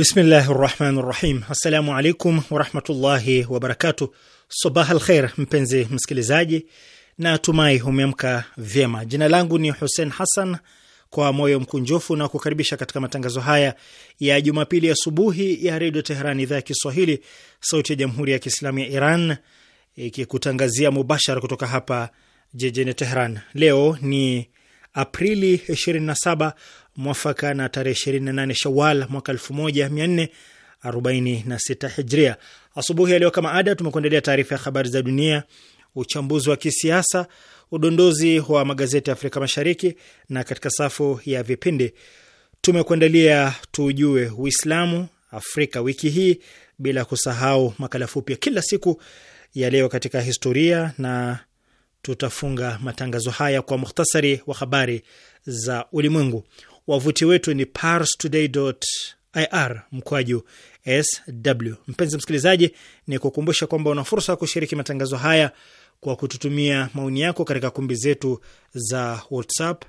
Bismillahi rahmani rahim. Assalamu alaikum warahmatullahi wabarakatu. Sabah al kheir, mpenzi msikilizaji, na tumai umeamka vyema. Jina langu ni Hussein Hassan, kwa moyo mkunjufu na kukaribisha katika matangazo haya ya Jumapili asubuhi ya, ya Redio Teheran, idhaa ya Kiswahili, sauti ya Jamhuri ya Kiislamu ya Iran, ikikutangazia mubashara kutoka hapa jijini Teheran. Leo ni Aprili 27 mwafaka na tarehe 28 Shawal mwaka 1446 Hijria. Asubuhi ya leo kama ada, tumekuandalia taarifa ya habari za dunia, uchambuzi wa kisiasa, udondozi wa magazeti ya Afrika Mashariki, na katika safu ya vipindi tumekuandalia tujue Uislamu Afrika wiki hii, bila kusahau makala fupi ya kila siku ya leo katika historia, na tutafunga matangazo haya kwa muhtasari wa habari za ulimwengu. Wavuti wetu ni parstoday.ir mkwaju sw. Mpenzi msikilizaji, ni kukumbusha kwamba una fursa ya kushiriki matangazo haya kwa kututumia maoni yako katika kumbi zetu za WhatsApp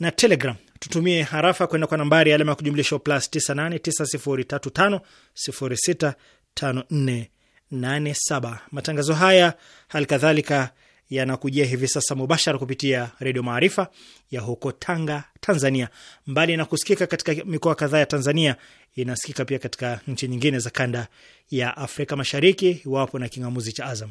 na Telegram. Tutumie harafa kwenda kwa nambari alama ya kujumlisha plus 989035065487. Matangazo haya hali kadhalika yanakujia hivi sasa mubashara kupitia Redio Maarifa ya huko Tanga, Tanzania. Mbali na kusikika katika mikoa kadhaa ya Tanzania, inasikika pia katika nchi nyingine za kanda ya Afrika Mashariki, iwapo na kingamuzi cha Azam.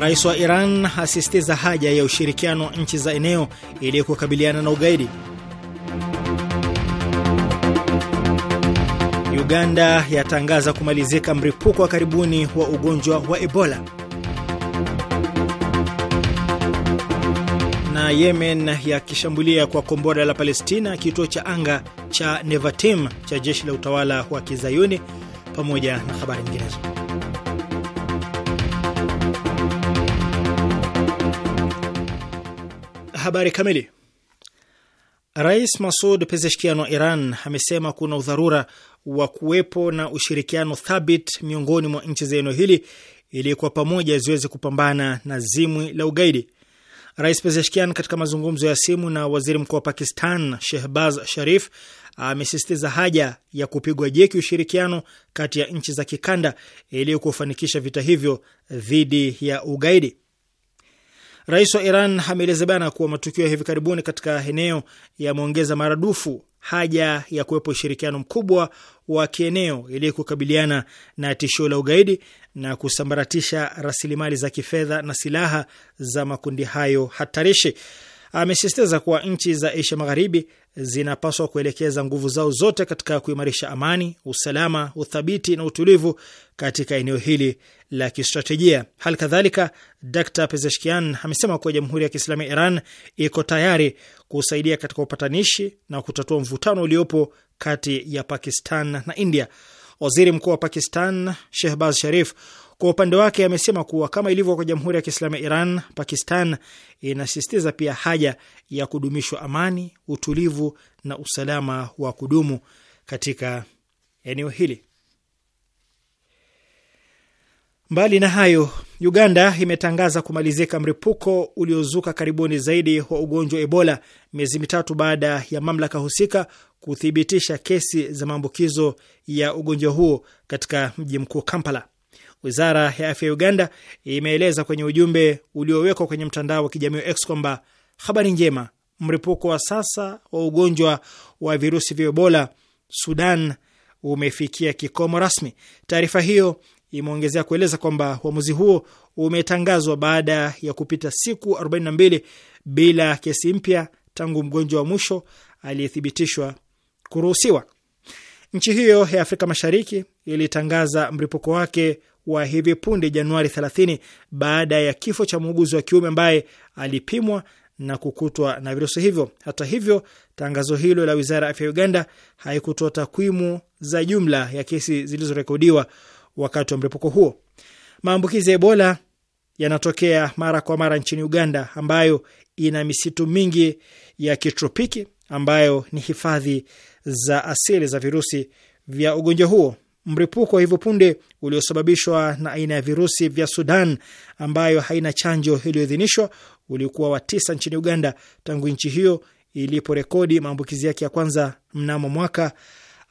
Rais wa Iran asisitiza haja ya ushirikiano wa nchi za eneo ili kukabiliana na ugaidi. Uganda yatangaza kumalizika mripuko wa karibuni wa ugonjwa wa Ebola. Na Yemen yakishambulia kwa kombora la Palestina kituo cha anga cha Nevatim cha jeshi la utawala wa Kizayuni pamoja na habari nyinginezo. Habari kamili. Rais Masud Pezeshkian wa Iran amesema kuna udharura wa kuwepo na ushirikiano thabit miongoni mwa nchi za eneo hili ili kwa pamoja ziweze kupambana na zimwi la ugaidi. Rais Pezeshkian katika mazungumzo ya simu na waziri mkuu wa Pakistan Shehbaz Sharif amesisitiza haja ya kupigwa jeki ushirikiano kati ya nchi za kikanda ili kufanikisha vita hivyo dhidi ya ugaidi. Rais wa Iran ameeleza bana kuwa matukio ya hivi karibuni katika eneo yameongeza maradufu haja ya kuwepo ushirikiano mkubwa wa kieneo ili kukabiliana na tishio la ugaidi na kusambaratisha rasilimali za kifedha na silaha za makundi hayo hatarishi amesisitiza kuwa nchi za Asia Magharibi zinapaswa kuelekeza nguvu zao zote katika kuimarisha amani, usalama, uthabiti na utulivu katika eneo hili la kistratejia. Hali kadhalika, Dr Pezeshkian amesema kuwa Jamhuri ya Kiislamu ya Iran iko tayari kusaidia katika upatanishi na kutatua mvutano uliopo kati ya Pakistan na India. Waziri Mkuu wa Pakistan Shehbaz Sharif kwa upande wake, amesema kuwa kama ilivyo kwa Jamhuri ya Kiislamu ya Iran, Pakistan inasisitiza pia haja ya kudumishwa amani, utulivu na usalama wa kudumu katika eneo hili. Mbali na hayo, Uganda imetangaza kumalizika mripuko uliozuka karibuni zaidi wa ugonjwa wa Ebola miezi mitatu baada ya mamlaka husika kuthibitisha kesi za maambukizo ya ugonjwa huo katika mji mkuu Kampala. Wizara ya afya ya Uganda imeeleza kwenye ujumbe uliowekwa kwenye mtandao wa kijamii wa X kwamba habari njema, mripuko wa sasa wa ugonjwa wa virusi vya Ebola Sudan umefikia kikomo rasmi. Taarifa hiyo imeongezea kueleza kwamba uamuzi huo umetangazwa baada ya kupita siku 42 bila kesi mpya tangu mgonjwa wa mwisho aliyethibitishwa kuruhusiwa. Nchi hiyo ya Afrika Mashariki ilitangaza mlipuko wake wa hivi punde Januari 30 baada ya kifo cha muuguzi wa kiume ambaye alipimwa na kukutwa na virusi hivyo. Hata hivyo, tangazo hilo la wizara ya afya ya Uganda haikutoa takwimu za jumla ya kesi zilizorekodiwa wakati wa mlipuko huo. Maambukizi ya Ebola yanatokea mara kwa mara nchini Uganda, ambayo ina misitu mingi ya kitropiki ambayo ni hifadhi za asili za virusi vya ugonjwa huo mripuko wa hivi punde uliosababishwa na aina ya virusi vya Sudan ambayo haina chanjo iliyoidhinishwa ulikuwa wa tisa nchini Uganda tangu nchi hiyo iliporekodi maambukizi yake ya kwanza mnamo mwaka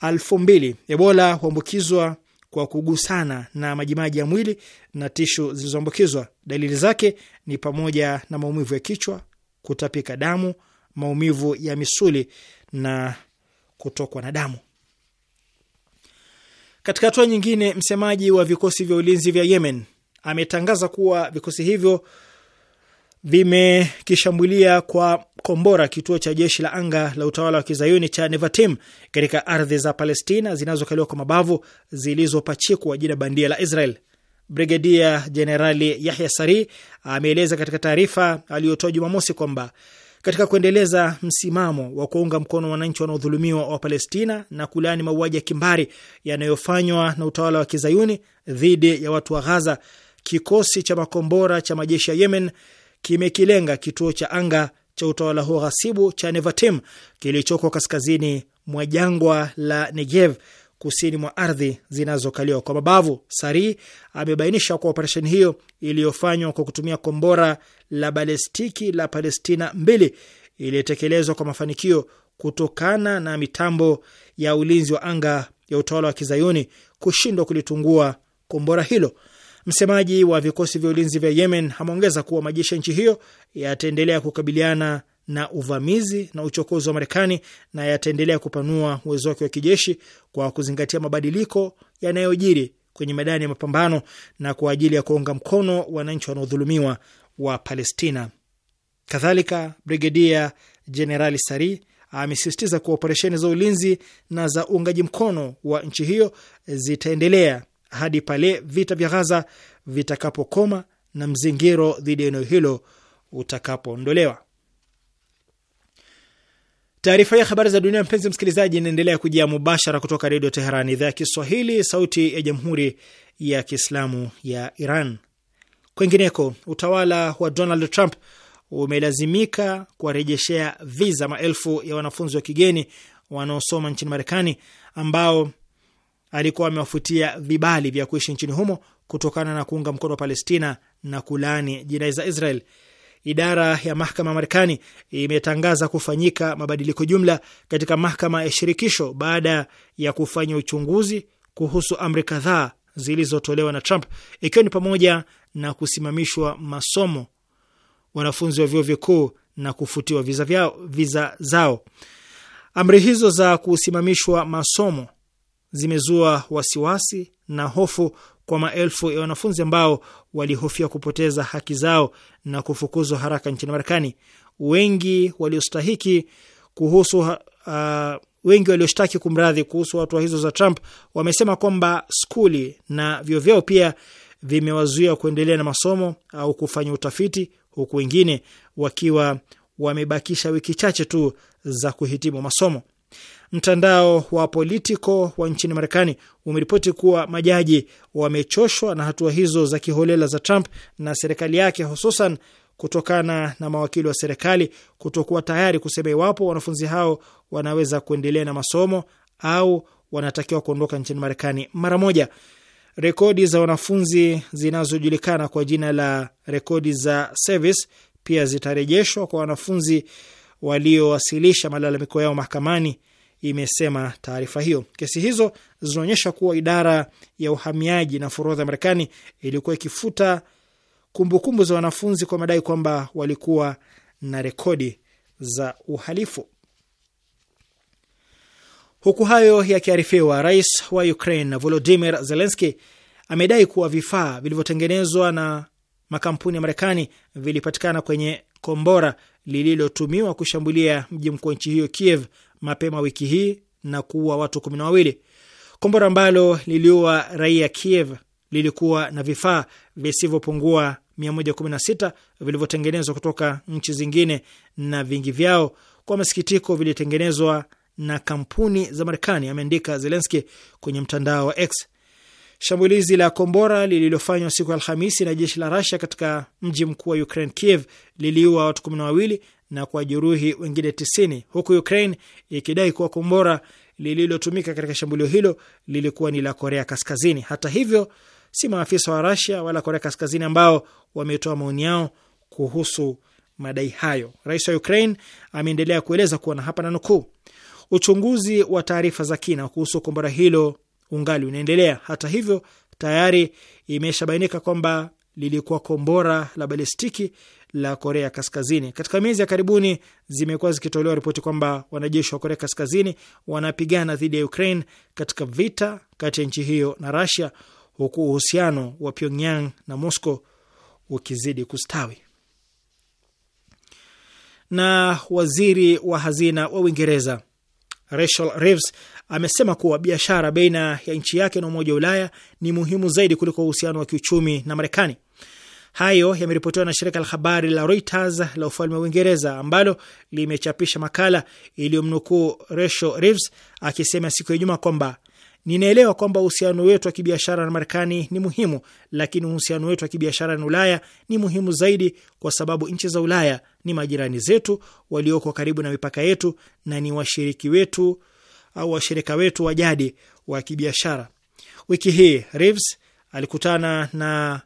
elfu mbili. Ebola huambukizwa kwa kugusana na majimaji ya mwili na tishu zilizoambukizwa. Dalili zake ni pamoja na maumivu ya kichwa, kutapika damu, maumivu ya misuli na kutokwa na damu. Katika hatua nyingine, msemaji wa vikosi vya ulinzi vya Yemen ametangaza kuwa vikosi hivyo vimekishambulia kwa kombora kituo cha jeshi la anga la utawala wa kizayuni cha Nevatim katika ardhi za Palestina zinazokaliwa kwa mabavu zilizopachikwa jina bandia la Israel. Brigedia Jenerali Yahya Sari ameeleza katika taarifa aliyotoa Jumamosi kwamba katika kuendeleza msimamo wa kuwaunga mkono wananchi wanaodhulumiwa wa Palestina na kulaani mauaji ya kimbari yanayofanywa na utawala wa kizayuni dhidi ya watu wa Ghaza, kikosi cha makombora cha majeshi ya Yemen kimekilenga kituo cha anga cha utawala huo ghasibu cha Nevatim kilichoko kaskazini mwa jangwa la Negev kusini mwa ardhi zinazokaliwa kwa mabavu. Sari amebainisha kuwa operesheni hiyo iliyofanywa kwa kutumia kombora la balestiki la Palestina mbili iliyotekelezwa kwa mafanikio kutokana na mitambo ya ulinzi wa anga ya utawala wa kizayuni kushindwa kulitungua kombora hilo. Msemaji wa vikosi vya ulinzi vya Yemen ameongeza kuwa majeshi ya nchi hiyo yataendelea kukabiliana na uvamizi na uchokozi wa Marekani na yataendelea kupanua uwezo wake wa kijeshi kwa kuzingatia mabadiliko yanayojiri kwenye medani ya mapambano na kwa ajili ya kuunga mkono wananchi wanaodhulumiwa wa Palestina. Kadhalika, Brigedia Jenerali Sari amesisitiza kuwa operesheni za ulinzi na za uungaji mkono wa nchi hiyo zitaendelea hadi pale vita vya Ghaza vitakapokoma na mzingiro dhidi ya eneo hilo utakapoondolewa. Taarifa ya habari za dunia, mpenzi msikilizaji, inaendelea kujia mubashara kutoka Redio Teheran, idhaa ya Kiswahili, sauti ya Jamhuri ya Kiislamu ya Iran. Kwengineko, utawala wa Donald Trump umelazimika kuwarejeshea viza maelfu ya wanafunzi wa kigeni wanaosoma nchini Marekani ambao alikuwa amewafutia vibali vya kuishi nchini humo kutokana na kuunga mkono wa Palestina na kulaani jinai za Israel idara ya mahakama ya Marekani imetangaza kufanyika mabadiliko jumla katika mahakama ya shirikisho baada ya kufanya uchunguzi kuhusu amri kadhaa zilizotolewa na Trump, ikiwa ni pamoja na kusimamishwa masomo wanafunzi wa vyuo vikuu na kufutiwa viza, vyao, viza zao. Amri hizo za kusimamishwa masomo zimezua wasiwasi na hofu kwa maelfu ya wanafunzi ambao walihofia kupoteza haki zao na kufukuzwa haraka nchini Marekani. Wengi waliostahiki kuhusu uh, wengi walioshtaki kumradhi, kuhusu hatua hizo za Trump wamesema kwamba skuli na vyuo vyao pia vimewazuia kuendelea na masomo au kufanya utafiti, huku wengine wakiwa wamebakisha wiki chache tu za kuhitimu masomo. Mtandao wa Politico wa nchini Marekani umeripoti kuwa majaji wamechoshwa na hatua hizo za kiholela za Trump na serikali yake, hususan kutokana na mawakili wa serikali kutokuwa tayari kusema iwapo wanafunzi hao wanaweza kuendelea na masomo au wanatakiwa kuondoka nchini Marekani mara moja. Rekodi za wanafunzi zinazojulikana kwa jina la rekodi za service pia zitarejeshwa kwa wanafunzi waliowasilisha malalamiko yao mahakamani imesema taarifa hiyo. Kesi hizo zinaonyesha kuwa idara ya uhamiaji na forodha ya Marekani ilikuwa ikifuta kumbukumbu za wanafunzi kwa madai kwamba walikuwa na rekodi za uhalifu. Huku hayo yakiarifiwa, rais wa Ukraine Volodimir Zelenski amedai kuwa vifaa vilivyotengenezwa na makampuni ya Marekani vilipatikana kwenye kombora lililotumiwa kushambulia mji mkuu wa nchi hiyo Kiev mapema wiki hii na kuua watu kumi na wawili. Kombora ambalo liliua raia Kiev lilikuwa na vifaa visivyopungua 116 vilivyotengenezwa kutoka nchi zingine na vingi vyao kwa masikitiko vilitengenezwa na kampuni za Marekani, ameandika Zelenski kwenye mtandao wa X. Shambulizi la kombora lililofanywa siku ya Alhamisi na jeshi la Rasia katika mji mkuu wa Ukraine, Kiev, liliua watu kumi na wawili na jeruhi wengine tisini huku Ukraine ikidai kuwa kombora lililotumika katika shambulio hilo lilikuwa ni la Korea Kaskazini. Hata hivyo, si maafisa wa Russia wala Korea Kaskazini ambao wametoa maoni yao kuhusu madai hayo. Rais wa Ukraine ameendelea kueleza kuwa na hapa na nukuu, uchunguzi wa taarifa za kina kuhusu kombora hilo ungali unaendelea. Hata hivyo, tayari imeshabainika kwamba lilikuwa kombora la balistiki la Korea Kaskazini. Katika miezi ya karibuni zimekuwa zikitolewa ripoti kwamba wanajeshi wa Korea Kaskazini wanapigana dhidi ya Ukraine katika vita kati ya nchi hiyo na Russia, huku uhusiano wa Pyongyang na Moscow ukizidi kustawi. Na waziri wa hazina wa Uingereza Rachel Reeves amesema kuwa biashara baina ya nchi yake na Umoja wa Ulaya ni muhimu zaidi kuliko uhusiano wa kiuchumi na Marekani. Hayo yameripotiwa na shirika la habari la Reuters la ufalme wa Uingereza ambalo limechapisha makala iliyomnukuu Rachel Reeves akisema siku ya Ijumaa kwamba ninaelewa kwamba uhusiano wetu wa kibiashara na Marekani ni muhimu, lakini uhusiano wetu wa kibiashara na Ulaya ni muhimu zaidi, kwa sababu nchi za Ulaya ni majirani zetu walioko karibu na mipaka yetu na ni washiriki wetu au washirika wetu wa jadi wa kibiashara. Wiki hii Reeves alikutana na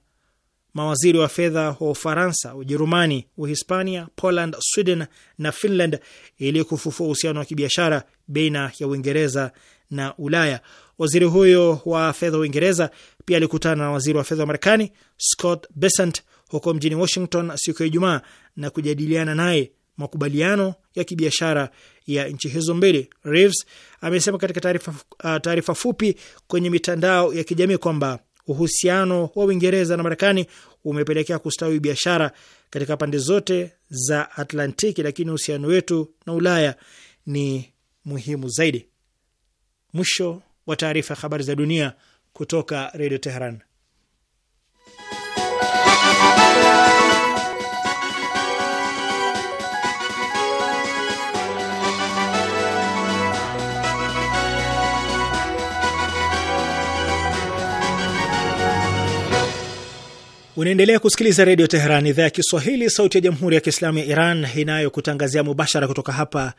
mawaziri wa fedha wa Ufaransa, Ujerumani, Uhispania, Poland, Sweden na Finland ili kufufua uhusiano wa kibiashara baina ya Uingereza na Ulaya. Waziri huyo wa fedha wa Uingereza pia alikutana na waziri wa fedha wa Marekani Scott Bessent huko mjini Washington siku ya Ijumaa na kujadiliana naye makubaliano ya kibiashara ya nchi hizo mbili. Reeves amesema katika taarifa uh, fupi kwenye mitandao ya kijamii kwamba uhusiano wa Uingereza na Marekani umepelekea kustawi biashara katika pande zote za Atlantiki, lakini uhusiano wetu na Ulaya ni muhimu zaidi. Mwisho wa taarifa ya habari za dunia kutoka Redio Teheran. Unaendelea kusikiliza Redio Teheran, idhaa ya Kiswahili, sauti ya Jamhuri ya Kiislamu ya Iran inayokutangazia mubashara kutoka hapa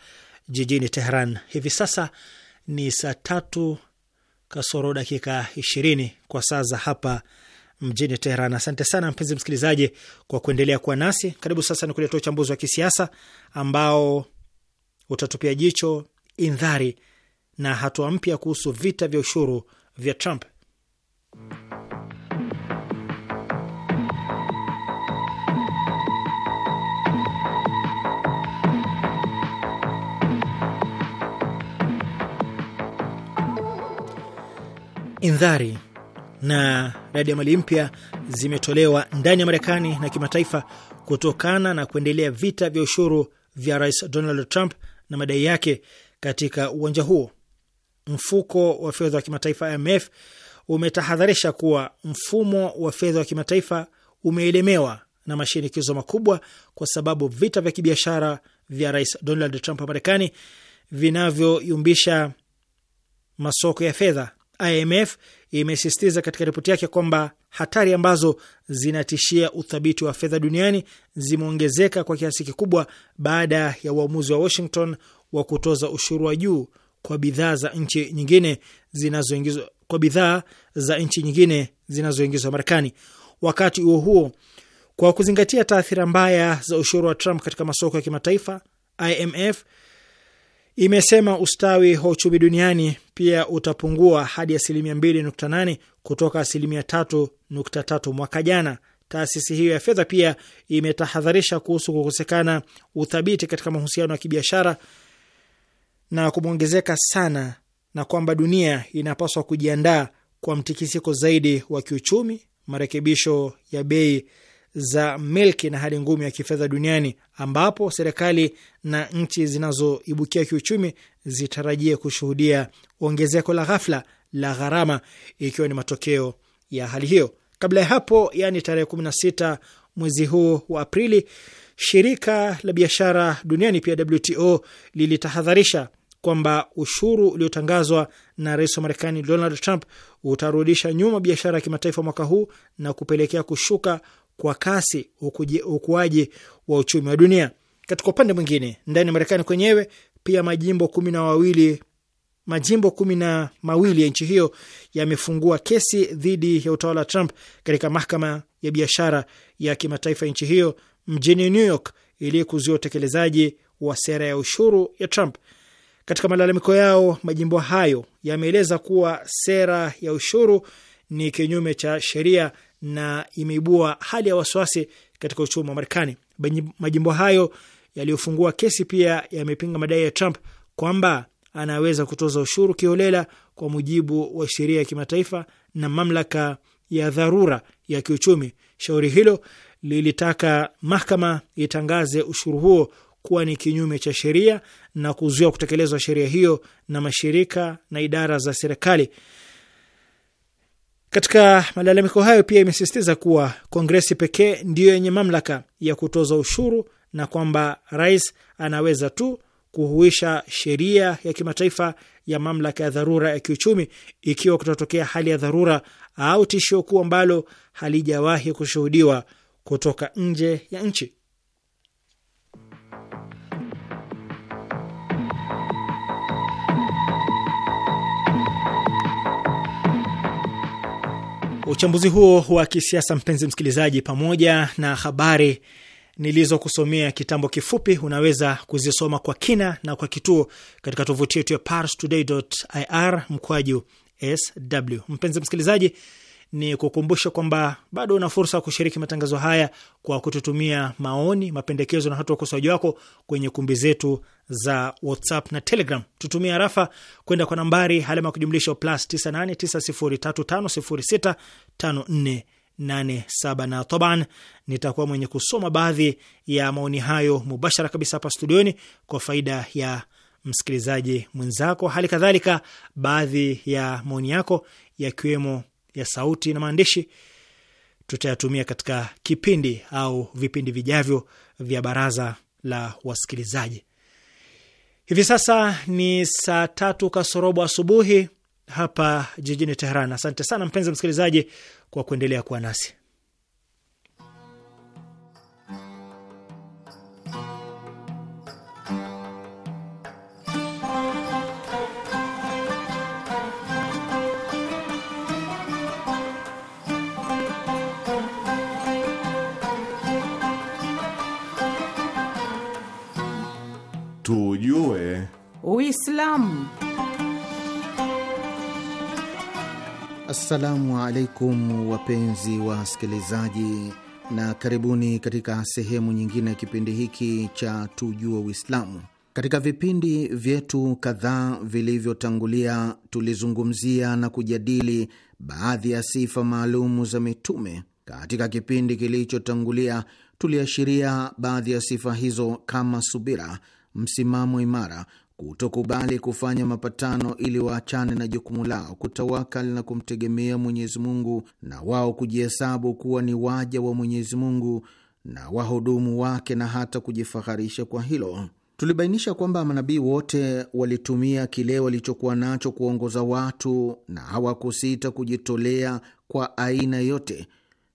jijini Teheran. Hivi sasa ni saa tatu kasoro dakika ishirini kwa saa za hapa mjini Teheran. Asante sana mpenzi msikilizaji kwa kuendelea kuwa nasi. Karibu sasa ni kuletea uchambuzi wa kisiasa ambao utatupia jicho indhari na hatua mpya kuhusu vita vya ushuru vya Trump. indhari na radiamali mpya zimetolewa ndani ya Marekani na kimataifa kutokana na kuendelea vita vya ushuru vya Rais Donald Trump na madai yake katika uwanja huo. Mfuko wa fedha wa kimataifa IMF umetahadharisha kuwa mfumo wa fedha wa kimataifa umeelemewa na mashinikizo makubwa kwa sababu vita vya kibiashara vya Rais Donald Trump wa Marekani vinavyoyumbisha masoko ya fedha IMF imesisitiza katika ripoti yake kwamba hatari ambazo zinatishia uthabiti wa fedha duniani zimeongezeka kwa kiasi kikubwa baada ya uamuzi wa Washington wa kutoza ushuru wa juu kwa bidhaa za nchi nyingine zinazoingizwa kwa bidhaa za nchi nyingine zinazoingizwa Marekani. Wakati huo huo, kwa kuzingatia taathira mbaya za ushuru wa Trump katika masoko ya kimataifa, IMF imesema ustawi wa uchumi duniani pia utapungua hadi asilimia 2.8 kutoka asilimia 3.3 mwaka jana. Taasisi hiyo ya fedha pia imetahadharisha kuhusu kukosekana uthabiti katika mahusiano ya kibiashara na kumwongezeka sana, na kwamba dunia inapaswa kujiandaa kwa mtikisiko zaidi wa kiuchumi, marekebisho ya bei za milki na hali ngumu ya kifedha duniani ambapo serikali na nchi zinazoibukia kiuchumi zitarajie kushuhudia ongezeko la ghafla la gharama ikiwa ni matokeo ya hali hiyo. Kabla ya hapo, yani tarehe 16 mwezi huu wa Aprili, shirika la biashara duniani pia WTO lilitahadharisha kwamba ushuru uliotangazwa na rais wa Marekani Donald Trump utarudisha nyuma biashara ya kimataifa mwaka huu na kupelekea kushuka kwa kasi ukuaji wa uchumi wa dunia. Katika upande mwingine, ndani ya Marekani kwenyewe pia majimbo kumi na wawili majimbo kumi na mawili ya nchi hiyo yamefungua kesi dhidi ya utawala wa Trump katika mahakama ya biashara ya kimataifa ya nchi hiyo mjini New York ili kuzuia utekelezaji wa sera ya ushuru ya Trump. Katika malalamiko yao, majimbo hayo yameeleza kuwa sera ya ushuru ni kinyume cha sheria na imeibua hali ya wasiwasi katika uchumi wa Marekani. Majimbo hayo yaliyofungua kesi pia yamepinga madai ya Trump kwamba anaweza kutoza ushuru kiholela kwa mujibu wa sheria ya kimataifa na mamlaka ya dharura ya kiuchumi. Shauri hilo lilitaka mahakama itangaze ushuru huo kuwa ni kinyume cha sheria na kuzuia kutekelezwa sheria hiyo na mashirika na idara za serikali. Katika malalamiko hayo pia imesisitiza kuwa Kongresi pekee ndiyo yenye mamlaka ya kutoza ushuru na kwamba rais anaweza tu kuhuisha sheria ya kimataifa ya mamlaka ya dharura ya kiuchumi ikiwa kutatokea hali ya dharura au tishio kuu ambalo halijawahi kushuhudiwa kutoka nje ya nchi. Uchambuzi huo wa kisiasa, mpenzi msikilizaji, pamoja na habari nilizokusomea kitambo kifupi, unaweza kuzisoma kwa kina na kwa kituo katika tovuti yetu ya parstoday.ir mkwaju sw. Mpenzi msikilizaji ni kukumbusha kwamba bado una fursa ya kushiriki matangazo haya kwa kututumia maoni, mapendekezo na hata ukosoaji wako kwenye kumbi zetu za WhatsApp na Telegram. Tutumia harafa kwenda kwa nambari alama ya kujumlisha plus 989035065487 na toban, nitakuwa mwenye kusoma baadhi ya maoni hayo mubashara kabisa hapa studioni kwa faida ya msikilizaji mwenzako. Hali kadhalika, baadhi ya maoni yako yakiwemo ya sauti na maandishi tutayatumia katika kipindi au vipindi vijavyo vya baraza la wasikilizaji. Hivi sasa ni saa tatu kasorobo asubuhi hapa jijini Teheran. Asante sana mpenzi msikilizaji kwa kuendelea kuwa nasi. tujue Uislamu. Assalamu alaikum wapenzi wa wasikilizaji, na karibuni katika sehemu nyingine ya kipindi hiki cha tujue Uislamu. Katika vipindi vyetu kadhaa vilivyotangulia, tulizungumzia na kujadili baadhi ya sifa maalumu za mitume. Katika kipindi kilichotangulia, tuliashiria baadhi ya sifa hizo kama subira msimamo imara, kutokubali kufanya mapatano ili waachane na jukumu lao, kutawakali na kumtegemea Mwenyezi Mungu, na wao kujihesabu kuwa ni waja wa Mwenyezi Mungu na wahudumu wake, na hata kujifaharisha kwa hilo. Tulibainisha kwamba manabii wote walitumia kile walichokuwa nacho kuongoza watu na hawakusita kujitolea kwa aina yote,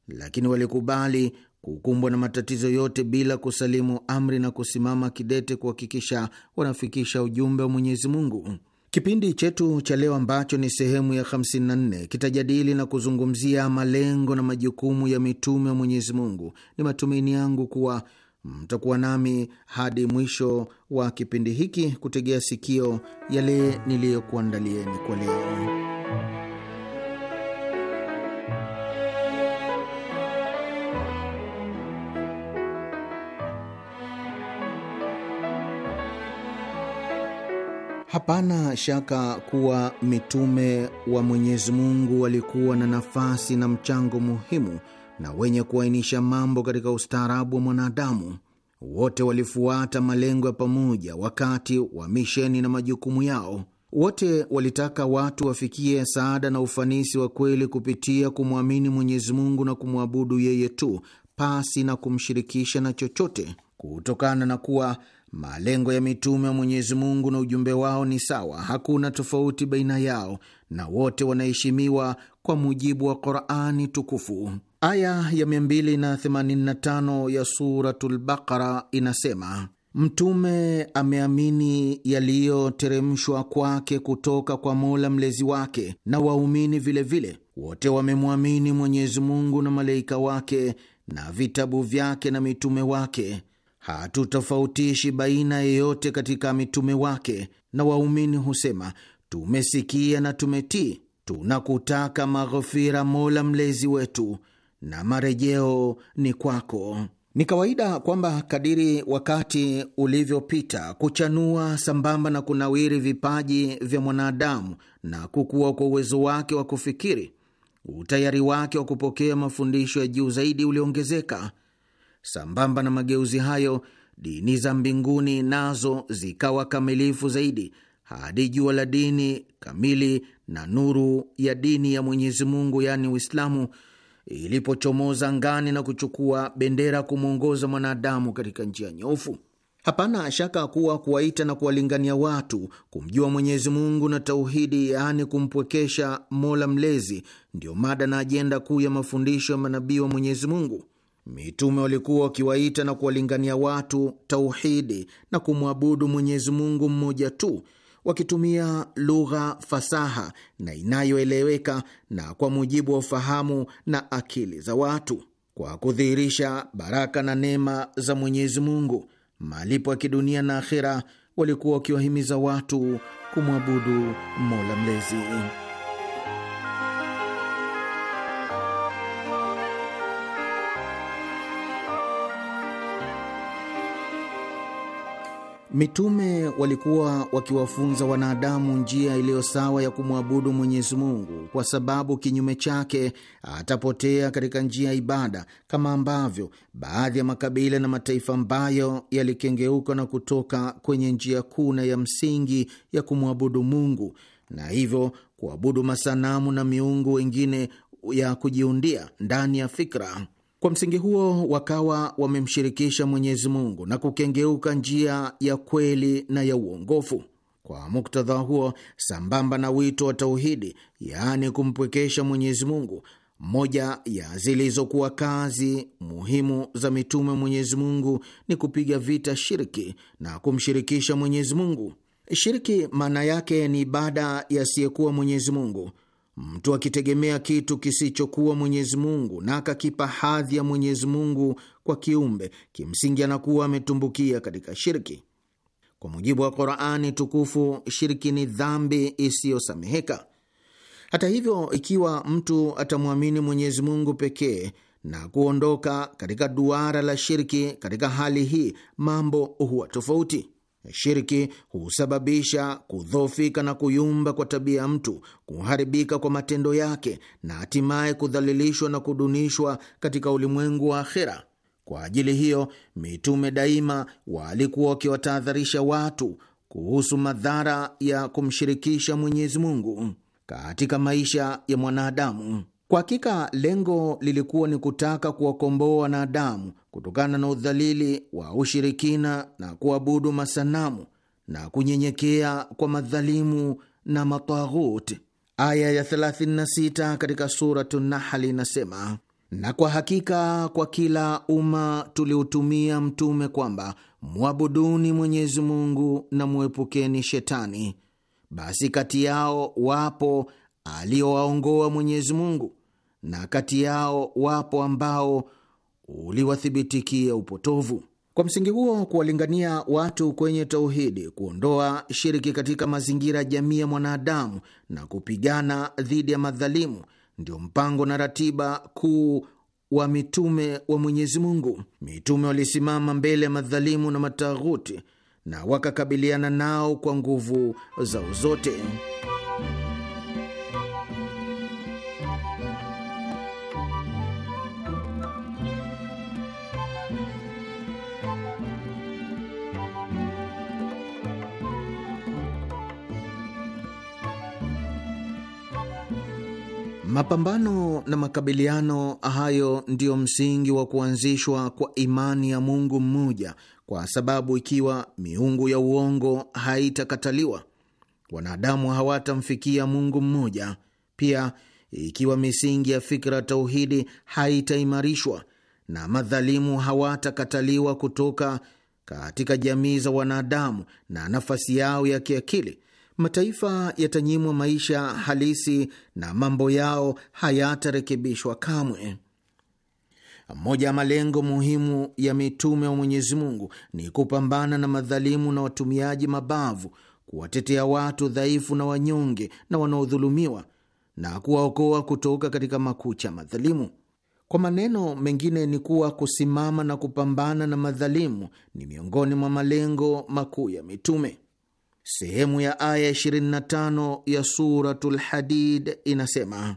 lakini walikubali kukumbwa na matatizo yote bila kusalimu amri na kusimama kidete kuhakikisha wanafikisha ujumbe wa Mwenyezi Mungu. Kipindi chetu cha leo ambacho ni sehemu ya 54 kitajadili na kuzungumzia malengo na majukumu ya mitume wa Mwenyezi Mungu. Ni matumaini yangu kuwa mtakuwa nami hadi mwisho wa kipindi hiki kutegea sikio yale niliyokuandalieni kwa leo. Hapana shaka kuwa mitume wa Mwenyezi Mungu walikuwa na nafasi na mchango muhimu na wenye kuainisha mambo katika ustaarabu wa mwanadamu. Wote walifuata malengo ya pamoja wakati wa misheni na majukumu yao. Wote walitaka watu wafikie saada na ufanisi wa kweli kupitia kumwamini Mwenyezi Mungu na kumwabudu yeye tu pasi na kumshirikisha na chochote, kutokana na kuwa Malengo ya mitume wa Mwenyezi Mungu na ujumbe wao ni sawa, hakuna tofauti baina yao, na wote wanaheshimiwa kwa mujibu wa Qurani Tukufu. Aya ya 285 ya Suratul Baqara inasema Mtume ameamini yaliyoteremshwa kwake kutoka kwa Mola mlezi wake, na waumini vilevile wote wamemwamini Mwenyezi Mungu na malaika wake na vitabu vyake na mitume wake hatutofautishi baina yeyote katika mitume wake, na waumini husema tumesikia na tumetii. Tunakutaka maghfira, Mola mlezi wetu, na marejeo ni kwako. Ni kawaida kwamba kadiri wakati ulivyopita, kuchanua sambamba na kunawiri vipaji vya mwanadamu na kukua kwa uwezo wake wa kufikiri, utayari wake wa kupokea mafundisho ya juu zaidi uliongezeka. Sambamba na mageuzi hayo, dini za mbinguni nazo zikawa kamilifu zaidi hadi jua la dini kamili na nuru ya dini ya Mwenyezi Mungu, yaani Uislamu, ilipochomoza ngani na kuchukua bendera kumwongoza mwanadamu katika njia nyofu. Hapana shaka kuwa kuwaita na kuwalingania watu kumjua Mwenyezi Mungu na tauhidi, yaani kumpwekesha Mola Mlezi, ndiyo mada na ajenda kuu ya mafundisho ya manabii wa Mwenyezi Mungu. Mitume walikuwa wakiwaita na kuwalingania watu tauhidi na kumwabudu Mwenyezi Mungu mmoja tu, wakitumia lugha fasaha na inayoeleweka na kwa mujibu wa ufahamu na akili za watu, kwa kudhihirisha baraka na neema za Mwenyezi Mungu, malipo ya kidunia na akhira Walikuwa wakiwahimiza watu kumwabudu Mola Mlezi. Mitume walikuwa wakiwafunza wanadamu njia iliyo sawa ya kumwabudu Mwenyezi Mungu, kwa sababu kinyume chake atapotea katika njia ya ibada, kama ambavyo baadhi ya makabila na mataifa ambayo yalikengeuka na kutoka kwenye njia kuu na ya msingi ya kumwabudu Mungu, na hivyo kuabudu masanamu na miungu wengine ya kujiundia ndani ya fikra. Kwa msingi huo wakawa wamemshirikisha Mwenyezi Mungu na kukengeuka njia ya kweli na ya uongofu. Kwa muktadha huo, sambamba na wito wa tauhidi, yaani kumpwekesha Mwenyezi Mungu, moja ya zilizokuwa kazi muhimu za mitume Mwenyezi Mungu ni kupiga vita shirki na kumshirikisha Mwenyezi Mungu. Shirki maana yake ni ibada yasiyekuwa Mwenyezi Mungu Mtu akitegemea kitu kisichokuwa Mwenyezi Mungu na akakipa hadhi ya Mwenyezi Mungu kwa kiumbe, kimsingi anakuwa ametumbukia katika shirki. Kwa mujibu wa Qurani Tukufu, shirki ni dhambi isiyosameheka. Hata hivyo, ikiwa mtu atamwamini Mwenyezi Mungu pekee na kuondoka katika duara la shirki, katika hali hii mambo huwa tofauti. Shirki husababisha kudhoofika na kuyumba kwa tabia ya mtu, kuharibika kwa matendo yake, na hatimaye kudhalilishwa na kudunishwa katika ulimwengu wa akhira Kwa ajili hiyo, mitume daima walikuwa wakiwatahadharisha watu kuhusu madhara ya kumshirikisha Mwenyezi Mungu katika maisha ya mwanadamu. Kwa hakika lengo lilikuwa ni kutaka kuwakomboa wanadamu kutokana na udhalili wa ushirikina na kuabudu masanamu na kunyenyekea kwa madhalimu na mataghuti. Aya ya 36 katika Suratu Nahali inasema na kwa hakika kwa kila umma tuliutumia mtume kwamba mwabuduni Mwenyezi Mungu na mwepukeni shetani, basi kati yao wapo aliowaongoa Mwenyezi Mungu na kati yao wapo ambao uliwathibitikia upotovu. Kwa msingi huo, kuwalingania watu kwenye tauhidi, kuondoa shiriki katika mazingira ya jamii ya mwanadamu na kupigana dhidi ya madhalimu ndio mpango na ratiba kuu wa mitume wa Mwenyezi Mungu. Mitume walisimama mbele ya madhalimu na mataghuti na wakakabiliana nao kwa nguvu zao zote. Mapambano na makabiliano hayo ndiyo msingi wa kuanzishwa kwa imani ya Mungu mmoja, kwa sababu ikiwa miungu ya uongo haitakataliwa, wanadamu hawatamfikia Mungu mmoja. Pia ikiwa misingi ya fikra tauhidi haitaimarishwa na madhalimu hawatakataliwa kutoka katika jamii za wanadamu na nafasi yao ya kiakili mataifa yatanyimwa maisha halisi na mambo yao hayatarekebishwa kamwe. Moja ya malengo muhimu ya mitume wa Mwenyezi Mungu ni kupambana na madhalimu na watumiaji mabavu, kuwatetea watu dhaifu na wanyonge na wanaodhulumiwa, na kuwaokoa kutoka katika makucha madhalimu. Kwa maneno mengine ni kuwa kusimama na kupambana na madhalimu ni miongoni mwa malengo makuu ya mitume sehemu ya aya 25 ya Suratul Hadid inasema: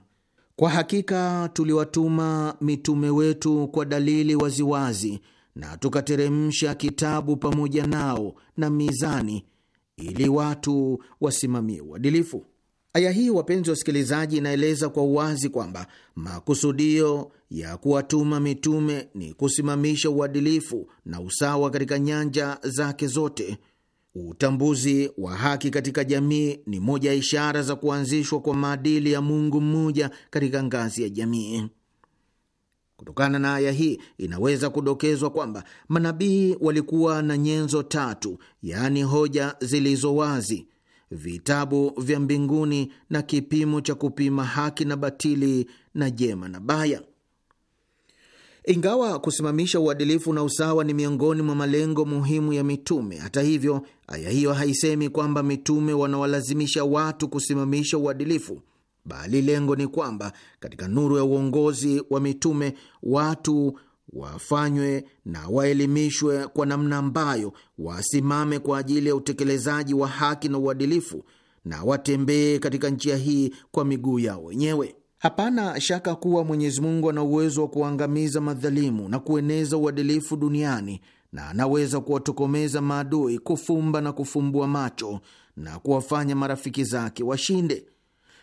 kwa hakika tuliwatuma mitume wetu kwa dalili waziwazi na tukateremsha kitabu pamoja nao na mizani ili watu wasimamie uadilifu. Aya hii, wapenzi wasikilizaji, inaeleza kwa uwazi kwamba makusudio ya kuwatuma mitume ni kusimamisha uadilifu na usawa katika nyanja zake zote. Utambuzi wa haki katika jamii ni moja ya ishara za kuanzishwa kwa maadili ya Mungu mmoja katika ngazi ya jamii. Kutokana na aya hii inaweza kudokezwa kwamba manabii walikuwa na nyenzo tatu, yaani hoja zilizo wazi, vitabu vya mbinguni na kipimo cha kupima haki na batili na jema na baya. Ingawa kusimamisha uadilifu na usawa ni miongoni mwa malengo muhimu ya mitume, hata hivyo, aya hiyo haisemi kwamba mitume wanawalazimisha watu kusimamisha uadilifu, bali lengo ni kwamba katika nuru ya uongozi wa mitume watu wafanywe na waelimishwe kwa namna ambayo wasimame kwa ajili ya utekelezaji wa haki na uadilifu na watembee katika njia hii kwa miguu yao wenyewe. Hapana shaka kuwa Mwenyezi Mungu ana uwezo wa kuangamiza madhalimu na kueneza uadilifu duniani na anaweza kuwatokomeza maadui, kufumba na kufumbua macho na kuwafanya marafiki zake washinde.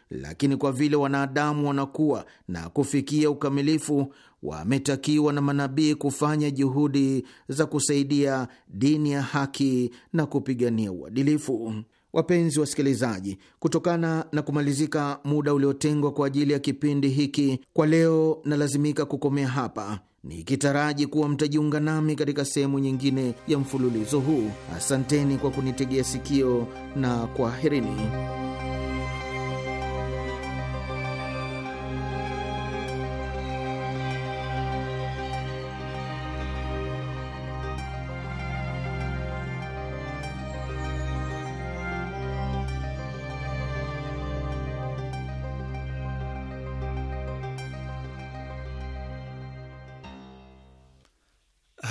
Lakini kwa vile wanadamu wanakuwa na kufikia ukamilifu, wametakiwa na manabii kufanya juhudi za kusaidia dini ya haki na kupigania uadilifu. Wapenzi wasikilizaji, kutokana na kumalizika muda uliotengwa kwa ajili ya kipindi hiki kwa leo, nalazimika kukomea hapa nikitaraji kuwa mtajiunga nami katika sehemu nyingine ya mfululizo huu. Asanteni kwa kunitegea sikio na kwaherini.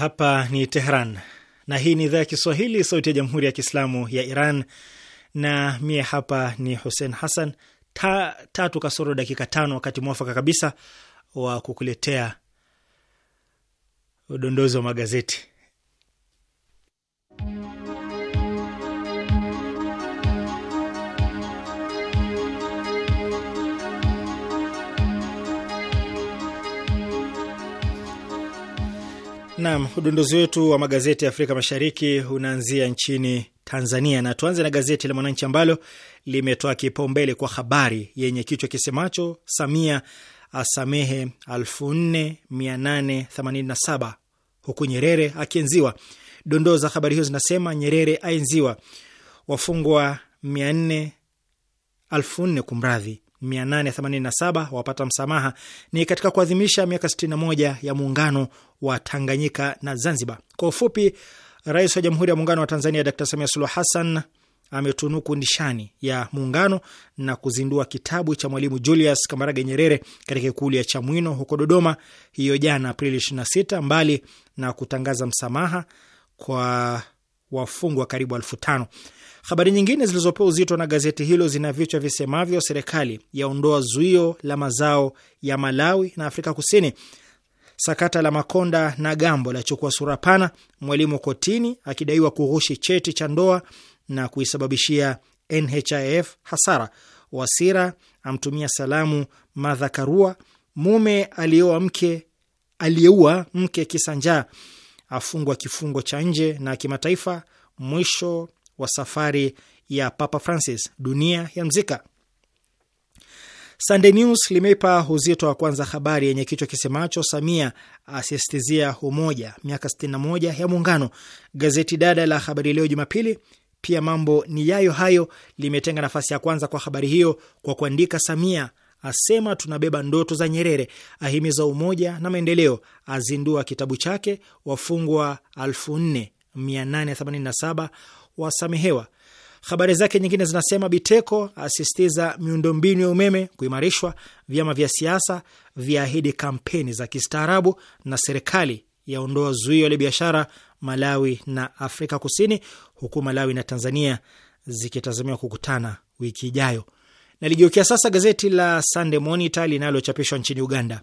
Hapa ni Tehran na hii ni idhaa ya Kiswahili, sauti ya jamhuri ya kiislamu ya Iran. Na mie hapa ni Hussein Hassan. Ta, tatu kasoro dakika tano, wakati mwafaka kabisa wa kukuletea udondozi wa magazeti. Naam, udondozi wetu wa magazeti ya Afrika Mashariki unaanzia nchini Tanzania na tuanze na gazeti la Mwananchi ambalo limetoa kipaumbele kwa habari yenye kichwa kisemacho Samia asamehe 4887 huku Nyerere akienziwa. Dondoo za habari hiyo zinasema Nyerere aenziwa, wafungwa 4 kumradhi 887 wapata msamaha. Ni katika kuadhimisha miaka 61 ya muungano wa Tanganyika na Zanzibar. Kwa ufupi, Rais wa Jamhuri ya Muungano wa Tanzania Dr Samia Suluhu Hassan ametunuku nishani ya muungano na kuzindua kitabu cha Mwalimu Julius Kambarage Nyerere katika ikulu ya Chamwino huko Dodoma hiyo jana Aprili 26, mbali na kutangaza msamaha kwa wafungwa karibu elfu tano. Habari nyingine zilizopewa uzito na gazeti hilo zina vichwa visemavyo: serikali yaondoa zuio la mazao ya Malawi na Afrika Kusini, sakata la Makonda na Gambo la chukua sura pana, mwalimu kotini akidaiwa kughushi cheti cha ndoa na kuisababishia NHIF hasara, Wasira amtumia salamu Madhakarua, mume aliyeua mke, aliyeua mke kisa njaa afungwa kifungo cha nje na kimataifa. Mwisho wa safari ya Papa Francis, dunia ya mzika. Sunday News limeipa uzito wa kwanza habari yenye kichwa kisemacho Samia asisitizia umoja miaka 61 ya Muungano. Gazeti dada la Habari Leo Jumapili pia mambo ni yayo hayo limetenga nafasi ya kwanza kwa habari hiyo kwa kuandika Samia asema tunabeba ndoto za Nyerere, ahimiza umoja na maendeleo, azindua kitabu chake, wafungwa 4887 wasamehewa. Habari zake nyingine zinasema Biteko asisitiza miundombinu ya umeme kuimarishwa, vyama vya siasa vyaahidi kampeni za kistaarabu, na serikali yaondoa zuio la biashara Malawi na Afrika Kusini, huku Malawi na Tanzania zikitazamiwa kukutana wiki ijayo. Naligeukia sasa gazeti la Sunday Monitor linalochapishwa nchini Uganda.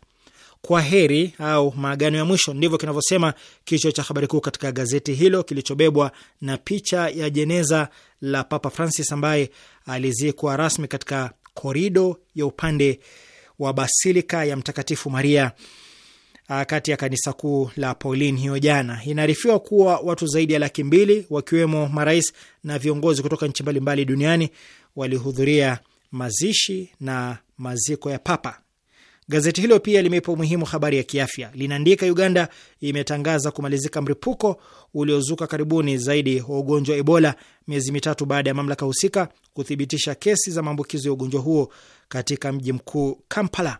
Kwa heri au maagano ya mwisho, ndivyo kinavyosema kichwa cha habari kuu katika gazeti hilo kilichobebwa na picha ya jeneza la Papa Francis ambaye alizikwa rasmi katika korido ya upande wa basilika ya Mtakatifu Maria ah, kati ya kanisa kuu la Pauline hiyo jana. Inaarifiwa kuwa watu zaidi ya laki mbili wakiwemo marais na viongozi kutoka nchi mbalimbali duniani walihudhuria mazishi na maziko ya papa. Gazeti hilo pia limeipa umuhimu habari ya kiafya. Linaandika Uganda imetangaza kumalizika mlipuko uliozuka karibuni zaidi wa ugonjwa wa Ebola, miezi mitatu baada ya mamlaka husika kuthibitisha kesi za maambukizo ya ugonjwa huo katika mji mkuu Kampala.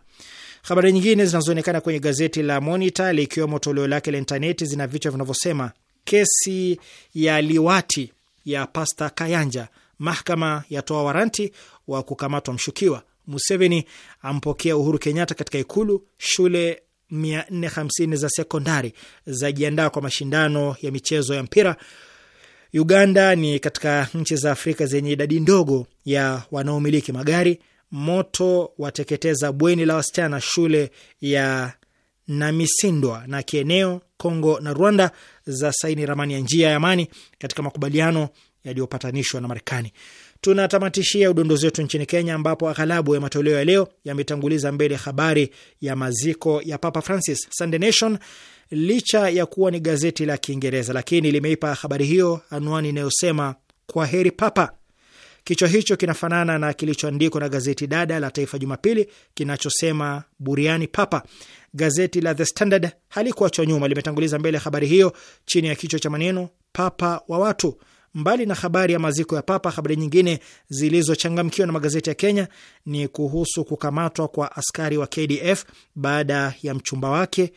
Habari nyingine zinazoonekana kwenye gazeti la Monita likiwemo toleo lake la intaneti zina vichwa vinavyosema kesi ya liwati ya Pasta Kayanja mahakama yatoa waranti wa kukamatwa mshukiwa. Museveni ampokea Uhuru Kenyatta katika Ikulu. Shule 450 za sekondari zajiandaa kwa mashindano ya michezo ya mpira. Uganda ni katika nchi za Afrika zenye idadi ndogo ya wanaomiliki magari. Moto wateketeza bweni la wasichana shule ya Namisindwa. Na kieneo, Kongo na Rwanda za saini ramani ya njia ya amani katika makubaliano yaliyopatanishwa na Marekani. Tunatamatishia udondozi wetu nchini Kenya, ambapo aghalabu ya matoleo ya leo yametanguliza mbele habari ya maziko ya Papa Francis. Sunday Nation, licha ya kuwa ni gazeti la Kiingereza, lakini limeipa habari hiyo anwani inayosema kwa heri Papa. Kichwa hicho kinafanana na kilichoandikwa na gazeti dada la Taifa Jumapili kinachosema buriani Papa. Gazeti la The Standard halikuachwa nyuma, limetanguliza mbele habari hiyo chini ya kichwa cha maneno papa wa watu. Mbali na habari ya maziko ya Papa, habari nyingine zilizochangamkiwa na magazeti ya Kenya ni kuhusu kukamatwa kwa askari wa KDF baada ya mchumba wake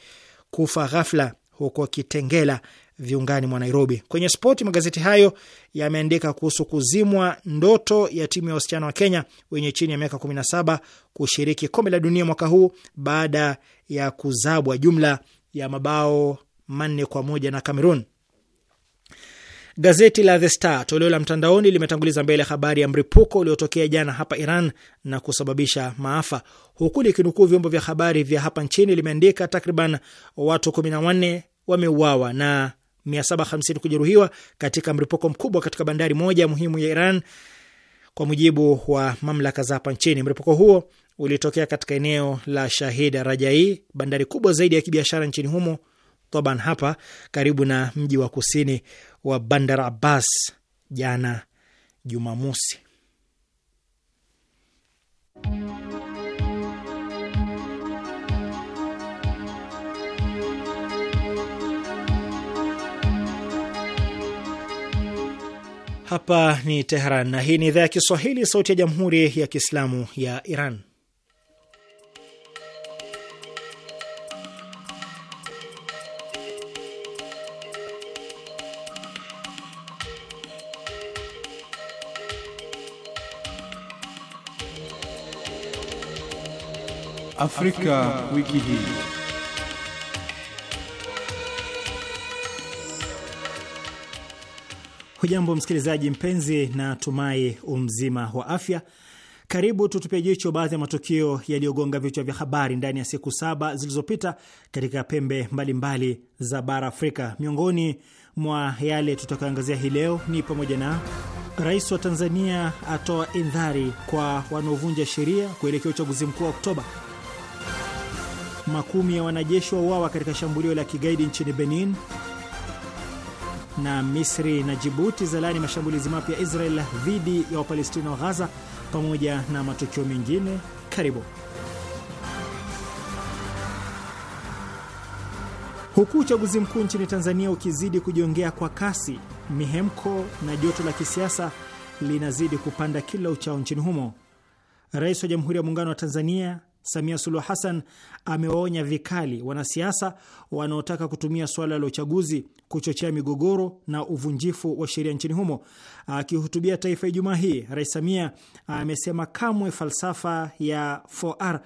kufa ghafla huko Kitengela, viungani mwa Nairobi. Kwenye spoti, magazeti hayo yameandika kuhusu kuzimwa ndoto ya timu ya wasichana wa Kenya wenye chini ya miaka 17 kushiriki kombe la dunia mwaka huu baada ya kuzabwa jumla ya mabao manne kwa moja na Cameroon. Gazeti la The Star toleo la mtandaoni limetanguliza mbele habari ya mripuko uliotokea jana hapa Iran na kusababisha maafa, huku likinukuu vyombo vya habari vya hapa nchini limeandika takriban watu 14 wameuawa na 750 kujeruhiwa katika mripuko mkubwa katika bandari moja muhimu ya Iran, kwa mujibu wa mamlaka za hapa nchini. Mripuko huo ulitokea katika eneo la Shahid Rajai, bandari kubwa zaidi ya kibiashara nchini humo toban hapa karibu na mji wa kusini wa Bandar Abbas jana Jumamosi. Hapa ni teheran na hii ni idhaa ya Kiswahili, sauti ya jamhuri ya kiislamu ya Iran. Afrika, wiki hii. Hujambo msikilizaji mpenzi, na tumai umzima wa afya. Karibu tutupia jicho baadhi ya matukio yaliyogonga vichwa vya habari ndani ya siku saba zilizopita katika pembe mbalimbali mbali za bara Afrika. Miongoni mwa yale tutakayoangazia hii leo ni pamoja na rais wa Tanzania atoa indhari kwa wanaovunja sheria kuelekea uchaguzi mkuu wa Oktoba, makumi ya wanajeshi wa uawa katika shambulio la kigaidi nchini Benin, na Misri na Jibuti zalaani mashambulizi mapya ya Israel dhidi ya Wapalestina wa Ghaza, pamoja na matukio mengine. Karibu. Huku uchaguzi mkuu nchini Tanzania ukizidi kujiongea kwa kasi, mihemko na joto la kisiasa linazidi kupanda kila uchao nchini humo. Rais wa Jamhuri ya Muungano wa Tanzania Samia Suluhu Hassan amewaonya vikali wanasiasa wanaotaka kutumia suala la uchaguzi kuchochea migogoro na uvunjifu wa sheria nchini humo. Akihutubia taifa Ijumaa hii, Rais Samia amesema kamwe falsafa ya 4R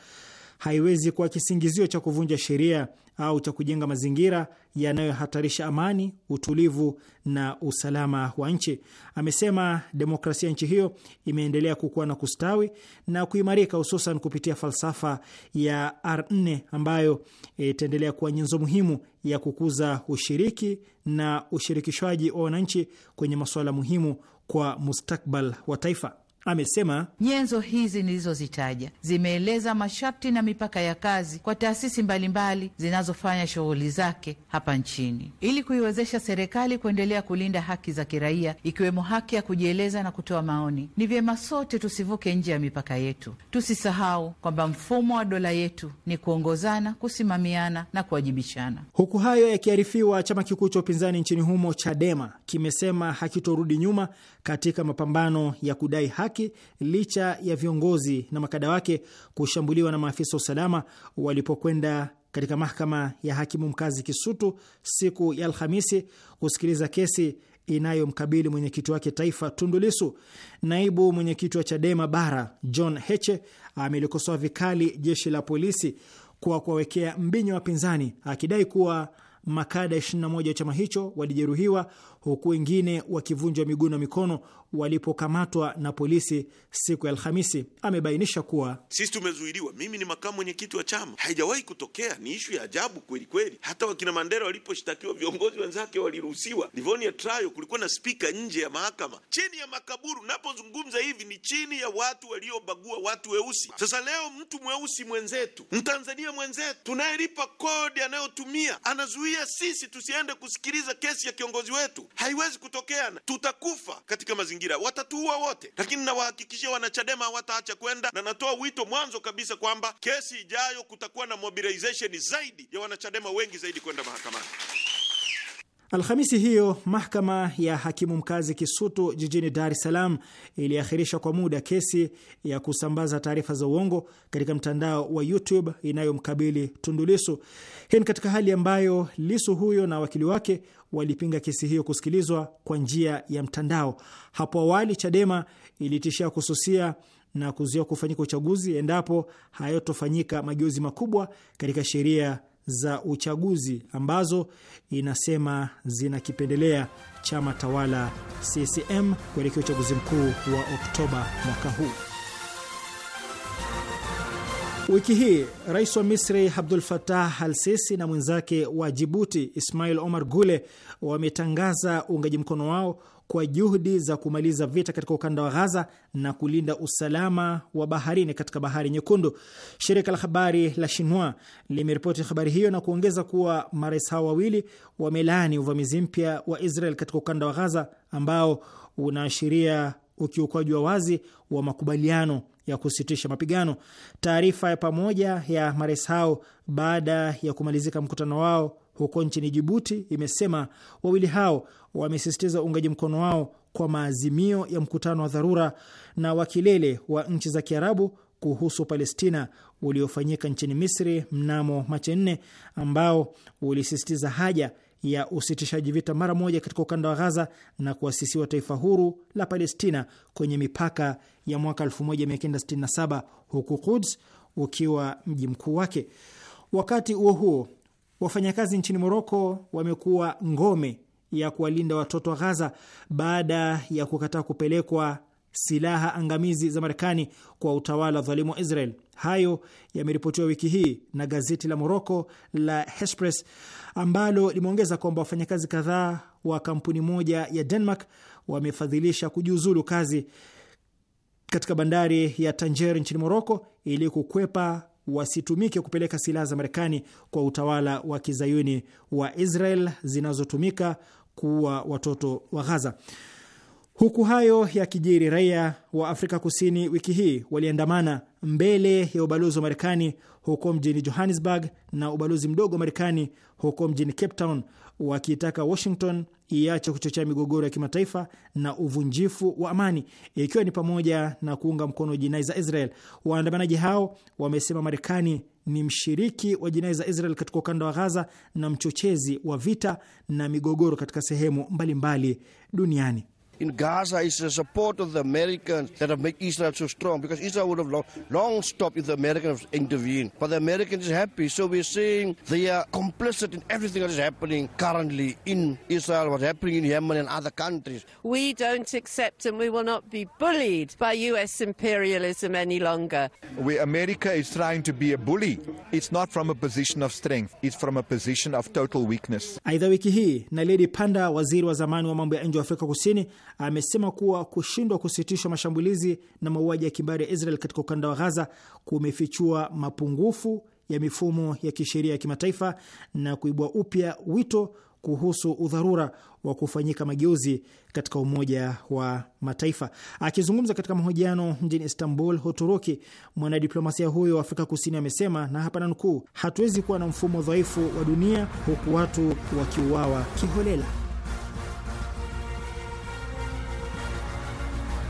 haiwezi kuwa kisingizio cha kuvunja sheria au cha kujenga mazingira yanayohatarisha amani, utulivu na usalama wa nchi. Amesema demokrasia nchi hiyo imeendelea kukua na kustawi na kuimarika, hususan kupitia falsafa ya R4 ambayo itaendelea kuwa nyenzo muhimu ya kukuza ushiriki na ushirikishwaji wa wananchi kwenye masuala muhimu kwa mustakbal wa taifa. Amesema nyenzo hizi nilizozitaja zimeeleza masharti na mipaka ya kazi kwa taasisi mbalimbali zinazofanya shughuli zake hapa nchini ili kuiwezesha serikali kuendelea kulinda haki za kiraia ikiwemo haki ya kujieleza na kutoa maoni. Ni vyema sote tusivuke nje ya mipaka yetu. Tusisahau kwamba mfumo wa dola yetu ni kuongozana, kusimamiana na kuwajibishana. Huku hayo yakiarifiwa, chama kikuu cha upinzani nchini humo Chadema kimesema hakitorudi nyuma katika mapambano ya kudai haki licha ya viongozi na makada wake kushambuliwa na maafisa wa usalama walipokwenda katika mahakama ya hakimu mkazi Kisutu siku ya Alhamisi kusikiliza kesi inayomkabili mwenyekiti wake taifa Tundu Lissu. Naibu mwenyekiti wa Chadema Bara John Heche amelikosoa vikali jeshi la polisi kwa kuwawekea mbinyo wapinzani akidai kuwa makada 21 wa chama hicho walijeruhiwa huku wengine wakivunjwa miguu na mikono walipokamatwa na polisi siku ya Alhamisi. Amebainisha kuwa sisi tumezuiliwa, mimi ni makamu mwenyekiti wa chama, haijawahi kutokea. Ni ishu ya ajabu kweli kweli. Hata wakina Mandela waliposhtakiwa, viongozi wenzake waliruhusiwa. Livonia trial kulikuwa na spika nje ya mahakama, chini ya makaburu. Napozungumza hivi ni chini ya watu waliobagua watu weusi. Sasa leo mtu mweusi mwenzetu, mtanzania mwenzetu, tunayelipa kodi anayotumia, anazuia sisi tusiende kusikiliza kesi ya kiongozi wetu haiwezi kutokea, tutakufa katika mazingira, watatuua wote. Lakini nawahakikishia wanachadema hawataacha kwenda, na natoa wito mwanzo kabisa kwamba kesi ijayo kutakuwa na mobilization zaidi ya wanachadema wengi zaidi kwenda mahakamani. Alhamisi hiyo mahakama ya hakimu mkazi Kisutu jijini Dar es Salaam iliakhirisha kwa muda kesi ya kusambaza taarifa za uongo katika mtandao wa YouTube inayomkabili Tundu Lisu. Hii ni katika hali ambayo lisu huyo na wakili wake walipinga kesi hiyo kusikilizwa kwa njia ya mtandao. Hapo awali, Chadema ilitishia kususia na kuzuia kufanyika uchaguzi endapo hayatofanyika mageuzi makubwa katika sheria za uchaguzi ambazo inasema zinakipendelea chama tawala CCM kuelekea uchaguzi mkuu wa Oktoba mwaka huu. Wiki hii rais wa Misri Abdul Fatah Al Sisi na mwenzake wa Jibuti Ismail Omar Gule wametangaza uungaji mkono wao kwa juhudi za kumaliza vita katika ukanda wa Ghaza na kulinda usalama wa baharini katika bahari Nyekundu. Shirika la habari la shinoi limeripoti habari hiyo na kuongeza kuwa marais hao wawili wamelaani uvamizi mpya wa Israel katika ukanda wa Ghaza ambao unaashiria ukiukwaji wa wazi wa makubaliano ya kusitisha mapigano. Taarifa ya pamoja ya marais hao baada ya kumalizika mkutano wao huko nchini Jibuti imesema wawili hao wamesisitiza uungaji mkono wao kwa maazimio ya mkutano wa dharura na wa kilele wa nchi za Kiarabu kuhusu Palestina uliofanyika nchini Misri mnamo Machi nne, ambao ulisisitiza haja ya usitishaji vita mara moja katika ukanda wa Ghaza na kuasisiwa taifa huru la Palestina kwenye mipaka ya mwaka 1967 huku Quds ukiwa mji mkuu wake. Wakati huo huo, Wafanyakazi nchini Moroko wamekuwa ngome ya kuwalinda watoto wa Ghaza baada ya kukataa kupelekwa silaha angamizi za Marekani kwa utawala dhalimu wa Israel. Hayo yameripotiwa wiki hii na gazeti la Moroko la Hespres ambalo limeongeza kwamba wafanyakazi kadhaa wa kampuni moja ya Denmark wamefadhilisha kujiuzulu kazi katika bandari ya tanger nchini Moroko ili kukwepa wasitumike kupeleka silaha za Marekani kwa utawala wa kizayuni wa Israel zinazotumika kuua watoto wa Ghaza. Huku hayo ya kijiri, raia wa Afrika Kusini wiki hii waliandamana mbele ya ubalozi wa Marekani huko mjini Johannesburg na ubalozi mdogo wa Marekani huko mjini Cape Town wakiitaka Washington iache kuchochea migogoro ya kimataifa na uvunjifu wa amani, ikiwa ni pamoja na kuunga mkono jinai za Israel. Waandamanaji hao wamesema Marekani ni mshiriki wa jinai za Israel katika ukanda wa Ghaza na mchochezi wa vita na migogoro katika sehemu mbalimbali mbali duniani. in Gaza is the support of the Americans that have made Israel so strong because Israel would have long, long stopped if the Americans intervened. But the Americans are happy. So we're saying they are complicit in everything that is happening currently in Israel, what's happening in Yemen and other countries. We don't accept and we will not be bullied by US imperialism any longer. Where America is trying to be a bully. It's not from a position of strength. It's from a position of total weakness. Aidha wiki hii Naledi Panda, waziri wa zamani wa mambo ya nje wa Afrika Kusini, amesema kuwa kushindwa kusitishwa mashambulizi na mauaji ya kimbari ya Israel katika ukanda wa Ghaza kumefichua mapungufu ya mifumo ya kisheria ya kimataifa na kuibua upya wito kuhusu udharura wa kufanyika mageuzi katika Umoja wa Mataifa. Akizungumza katika mahojiano mjini Istanbul, Uturuki, mwanadiplomasia huyo wa Afrika Kusini amesema na hapa nanukuu, hatuwezi kuwa na mfumo dhaifu wa dunia huku watu wakiuawa kiholela.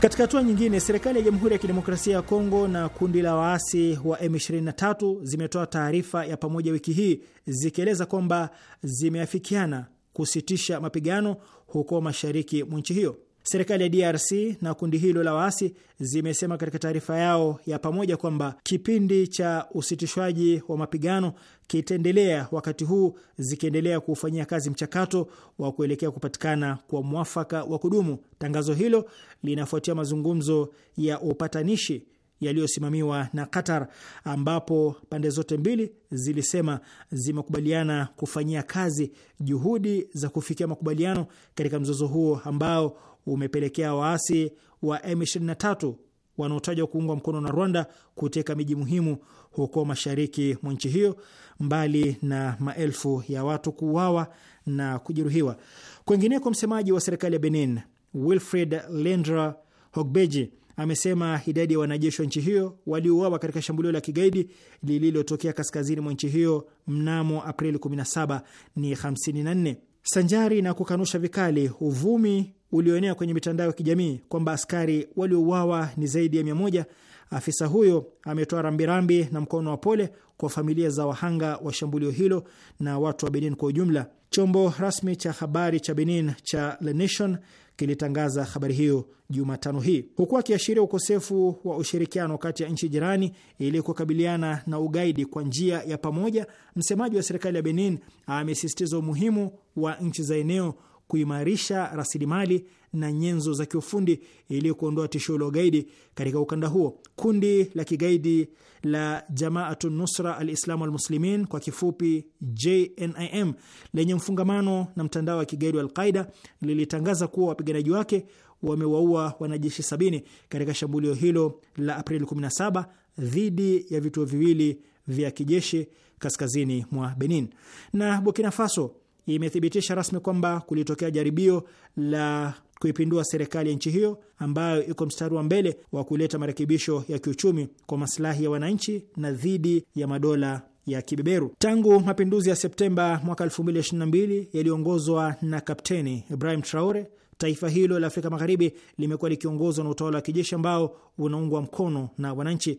Katika hatua nyingine, serikali ya Jamhuri ya Kidemokrasia ya Kongo na kundi la waasi wa M23 zimetoa taarifa ya pamoja wiki hii zikieleza kwamba zimeafikiana kusitisha mapigano huko mashariki mwa nchi hiyo. Serikali ya DRC na kundi hilo la waasi zimesema katika taarifa yao ya pamoja kwamba kipindi cha usitishwaji wa mapigano kitaendelea wakati huu zikiendelea kuufanyia kazi mchakato wa kuelekea kupatikana kwa mwafaka wa kudumu. Tangazo hilo linafuatia mazungumzo ya upatanishi yaliyosimamiwa na Qatar ambapo pande zote mbili zilisema zimekubaliana kufanyia kazi juhudi za kufikia makubaliano katika mzozo huo ambao umepelekea waasi wa M23 wanaotajwa kuungwa mkono na Rwanda kuteka miji muhimu huko mashariki mwa nchi hiyo mbali na maelfu ya watu kuuawa na kujeruhiwa. Kwengineko, msemaji wa serikali ya Benin Wilfred Lendra Hogbeji amesema idadi ya wanajeshi wa nchi hiyo waliouawa katika shambulio la kigaidi lililotokea kaskazini mwa nchi hiyo mnamo Aprili 17 ni 54, sanjari na kukanusha vikali uvumi ulioenea kwenye mitandao ya kijamii kwamba askari waliouawa ni zaidi ya 100 Afisa huyo ametoa rambirambi na mkono wa pole kwa familia za wahanga wa shambulio hilo na watu wa Benin kwa ujumla. Chombo rasmi cha habari cha Benin cha Le Nation kilitangaza habari hiyo Jumatano hii huku akiashiria ukosefu wa ushirikiano kati ya nchi jirani ili kukabiliana na ugaidi kwa njia ya pamoja. Msemaji wa serikali ya Benin amesisitiza umuhimu wa nchi za eneo kuimarisha rasilimali na nyenzo za kiufundi ili kuondoa tishio la ugaidi katika ukanda huo. Kundi la kigaidi la Jamaatu Nusra Alislamu Walmuslimin, kwa kifupi JNIM, lenye mfungamano na mtandao wa kigaidi wa Alqaida lilitangaza kuwa wapiganaji wake wamewaua wanajeshi sabini katika shambulio hilo la Aprili 17 dhidi ya vituo viwili vya kijeshi kaskazini mwa Benin na Burkina Faso imethibitisha rasmi kwamba kulitokea jaribio la kuipindua serikali ya nchi hiyo ambayo iko mstari wa mbele wa kuleta marekebisho ya kiuchumi kwa masilahi ya wananchi na dhidi ya madola ya kibeberu. Tangu mapinduzi ya Septemba mwaka 2022 yaliyoongozwa na Kapteni Ibrahim Traore, taifa hilo la Afrika Magharibi limekuwa likiongozwa na utawala wa kijeshi ambao unaungwa mkono na wananchi.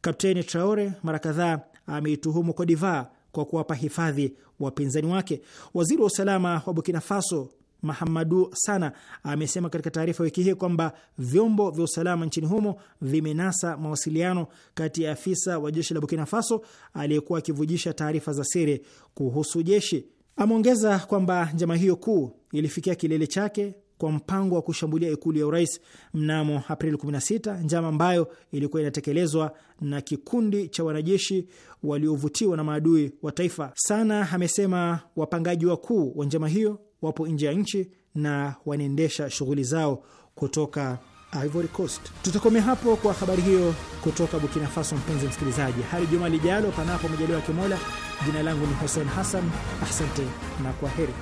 Kapteni Traore mara kadhaa ameituhumu Kodivaa kwa kuwapa hifadhi wapinzani wake. Waziri wa usalama wa Burkina Faso Mahamadu Sana amesema katika taarifa wiki hii kwamba vyombo vya usalama nchini humo vimenasa mawasiliano kati ya afisa wa jeshi la Burkina Faso aliyekuwa akivujisha taarifa za siri kuhusu jeshi. Ameongeza kwamba njama hiyo kuu ilifikia kilele chake kwa mpango wa kushambulia ikulu ya urais mnamo Aprili 16, njama ambayo ilikuwa inatekelezwa na kikundi cha wanajeshi waliovutiwa na maadui wa taifa. Sana amesema wapangaji wakuu wa njama hiyo wapo nje ya nchi na wanaendesha shughuli zao kutoka Ivory Coast. Tutakomea hapo kwa habari hiyo kutoka Burkina Faso. Mpenzi msikilizaji, hadi juma lijalo, panapo majaliwa ya Kimola. Jina langu ni Hussein Hassan, asante na kwa heri.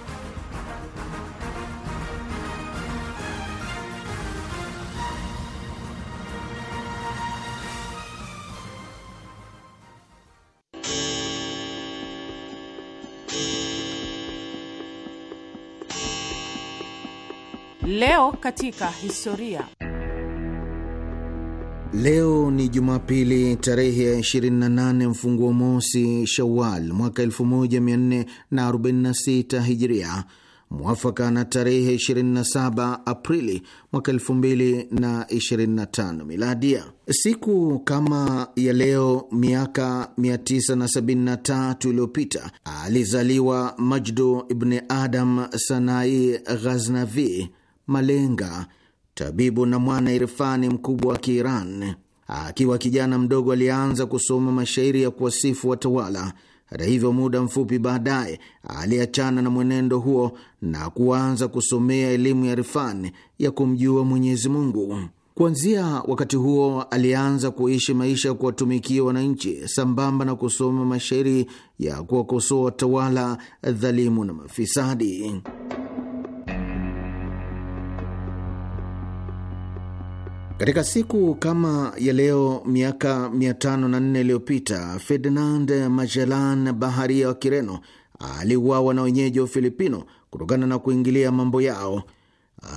Leo katika historia. Leo ni Jumapili tarehe ya 28 mfunguo mosi Shawal mwaka 1446 Hijria, mwafaka na tarehe 27 Aprili mwaka 2025 Miladia. Siku kama ya leo miaka 973 iliyopita alizaliwa Majdu Ibni Adam Sanai Ghaznavi, malenga, tabibu na mwana irfani mkubwa wa Kiiran. Akiwa kijana mdogo, alianza kusoma mashairi ya kuwasifu watawala. Hata hivyo, muda mfupi baadaye aliachana na mwenendo huo na kuanza kusomea elimu ya irfani ya kumjua Mwenyezi Mungu. Kuanzia wakati huo alianza kuishi maisha ya kuwatumikia wananchi sambamba na kusoma mashairi ya kuwakosoa watawala dhalimu na mafisadi. Katika siku kama ya leo miaka 504 iliyopita Ferdinand Magellan, baharia wa Kireno, aliuawa na wenyeji wa Ufilipino kutokana na kuingilia mambo yao.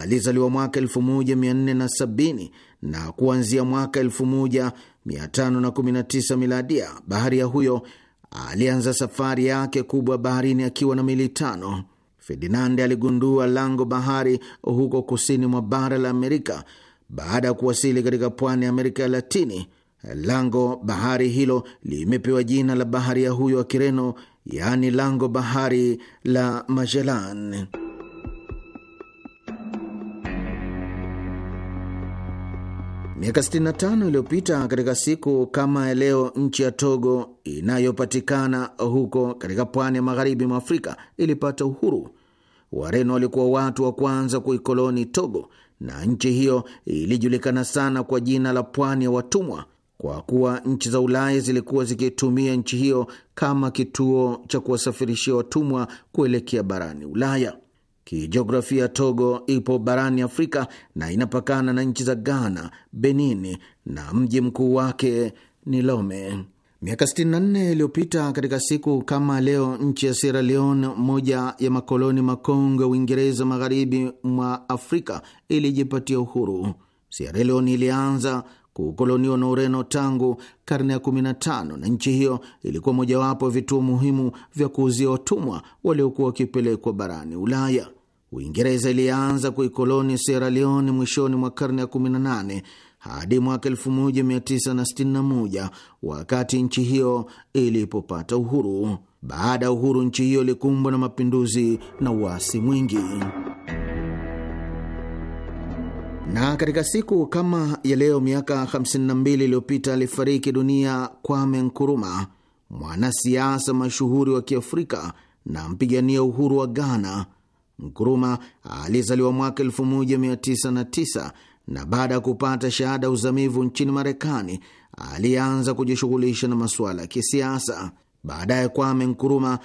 Alizaliwa mwaka 1470 na kuanzia mwaka 1519 miladia, baharia huyo alianza safari yake kubwa baharini akiwa na meli tano. Ferdinand aligundua lango bahari huko kusini mwa bara la Amerika baada ya kuwasili katika pwani ya Amerika ya Latini, lango bahari hilo limepewa jina la baharia huyo wa Kireno, yaani lango bahari la Magellan. Miaka 65 iliyopita katika siku kama ya leo, nchi ya Togo inayopatikana huko katika pwani ya magharibi mwa Afrika ilipata uhuru. Wareno walikuwa watu wa kwanza kuikoloni Togo na nchi hiyo ilijulikana sana kwa jina la pwani ya watumwa kwa kuwa nchi za Ulaya zilikuwa zikitumia nchi hiyo kama kituo cha kuwasafirishia watumwa kuelekea barani Ulaya. Kijiografia, Togo ipo barani Afrika na inapakana na nchi za Ghana, Benini na mji mkuu wake ni Lome. Miaka 64 iliyopita katika siku kama leo, nchi ya Sierra Leone, moja ya makoloni makongwe Uingereza magharibi mwa Afrika, ilijipatia uhuru. Sierra Leone ilianza kukoloniwa na Ureno tangu karne ya 15 na nchi hiyo ilikuwa mojawapo vituo muhimu vya kuuzia watumwa waliokuwa wakipelekwa barani Ulaya. Uingereza ilianza kuikoloni Sierra Leone mwishoni mwa karne ya 18 hadi mwaka 1961 wakati nchi hiyo ilipopata uhuru. Baada ya uhuru, nchi hiyo ilikumbwa na mapinduzi na uasi mwingi na katika siku kama ya leo miaka 52 iliyopita alifariki dunia Kwame Nkuruma, mwanasiasa mashuhuri wa Kiafrika na mpigania uhuru wa Ghana. Nkuruma alizaliwa mwaka 1909 na baada ya kupata shahada ya uzamivu nchini Marekani alianza kujishughulisha na masuala ya kisiasa. Baadaye Kwame Nkuruma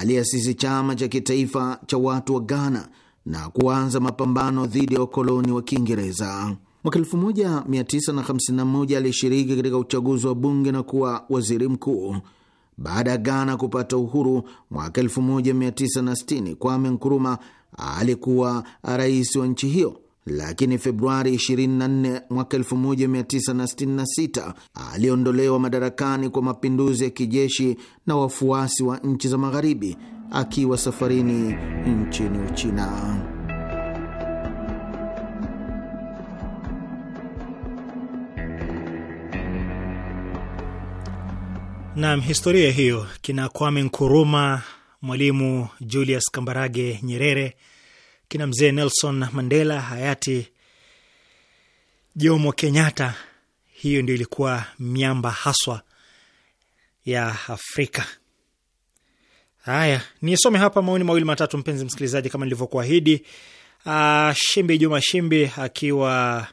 aliasisi chama cha kitaifa cha watu wa Ghana na kuanza mapambano dhidi ya wakoloni wa Kiingereza. Mwaka 1951 alishiriki katika uchaguzi wa bunge na kuwa waziri mkuu. Baada ya Ghana kupata uhuru mwaka 1960, Kwame Nkuruma alikuwa rais wa nchi hiyo lakini Februari 24 mwaka 1966 aliondolewa madarakani kwa mapinduzi ya kijeshi na wafuasi wa nchi za Magharibi akiwa safarini nchini Uchina. Nam, historia hiyo kina Kwame Nkuruma, Mwalimu Julius Kambarage Nyerere kina mzee Nelson Mandela, hayati Jomo Kenyatta. Hiyo ndio ilikuwa miamba haswa ya Afrika. Haya, nisome hapa maoni mawili matatu, mpenzi msikilizaji, kama nilivyokuahidi. Ah, Shimbi Juma Shimbi akiwa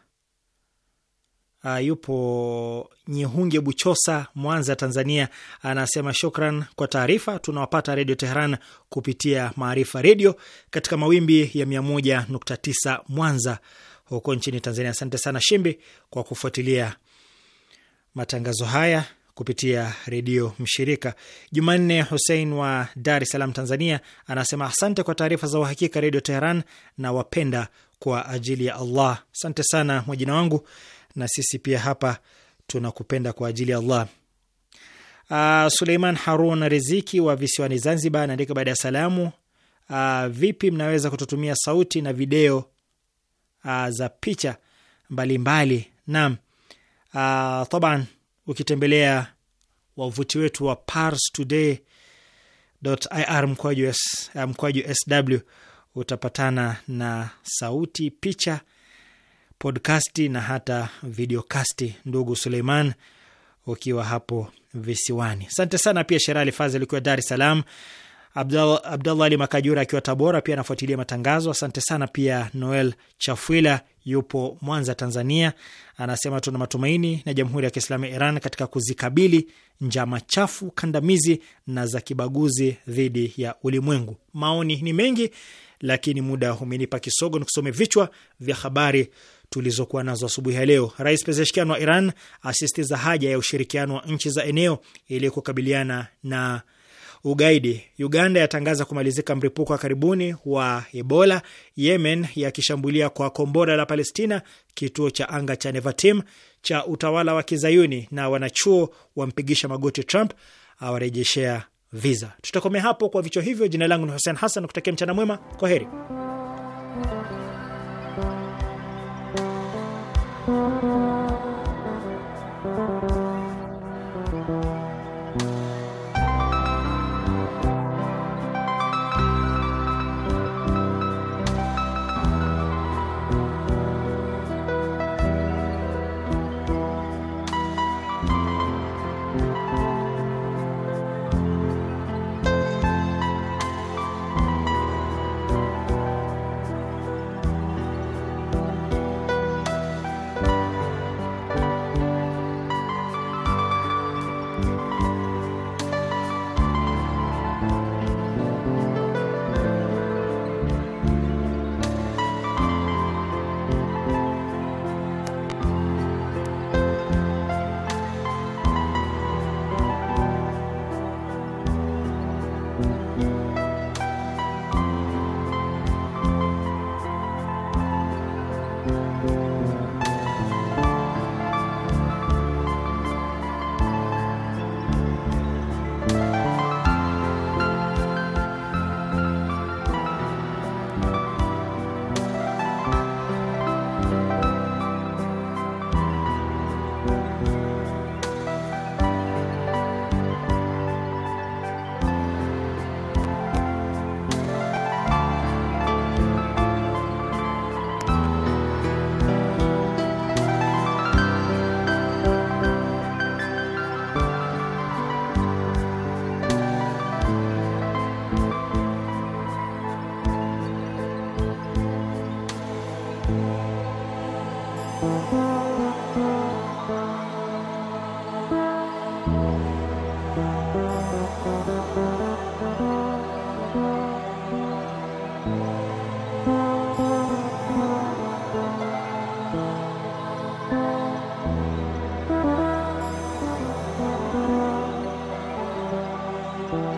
Uh, yupo Nyihunge Buchosa, Mwanza, Tanzania, anasema shukran kwa taarifa. Tunawapata Redio Teheran kupitia Maarifa Redio katika mawimbi ya 101.9 Mwanza huko nchini Tanzania. Asante sana Shimbi kwa kufuatilia matangazo haya kupitia redio mshirika. Jumanne Husein wa Dar es Salaam, Tanzania, anasema asante kwa taarifa za uhakika Redio Teheran na wapenda kwa ajili ya Allah. Asante sana mwajina wangu na sisi pia hapa tunakupenda kwa ajili ya Allah. Uh, Suleiman Harun Riziki wa visiwani Zanzibar anaandika baada ya salamu, uh, vipi mnaweza kututumia sauti na video uh, za picha mbalimbali? Naam, uh, taban ukitembelea wavuti wetu wa parstoday.ir mkwaju sw utapatana na sauti, picha podcasti na hata videokasti, ndugu Suleiman, ukiwa hapo visiwani. Asante sana pia Sherali Fazel ukiwa Dar es Salaam, Abdallah, Abdallah Ali Makajura akiwa Tabora pia anafuatilia matangazo. Asante sana pia Noel Chafwila yupo Mwanza, Tanzania, anasema tuna matumaini na Jamhuri ya Kiislamu ya Iran katika kuzikabili njama chafu kandamizi na za kibaguzi dhidi ya ulimwengu. Maoni ni mengi, lakini muda umenipa kisogo, nikusome vichwa vya habari tulizokuwa nazo asubuhi ya leo. Rais Pezeshkian wa Iran asisitiza haja ya ushirikiano wa nchi za eneo ili kukabiliana na ugaidi. Uganda yatangaza kumalizika mlipuko wa karibuni wa Ebola. Yemen yakishambulia kwa kombora la Palestina kituo cha anga cha Nevatim cha utawala wa Kizayuni, na wanachuo wampigisha magoti Trump awarejeshea viza. Tutakomea hapo kwa vichwa hivyo. Jina langu ni Hussein Hassan, kutakia mchana mwema. Kwa heri.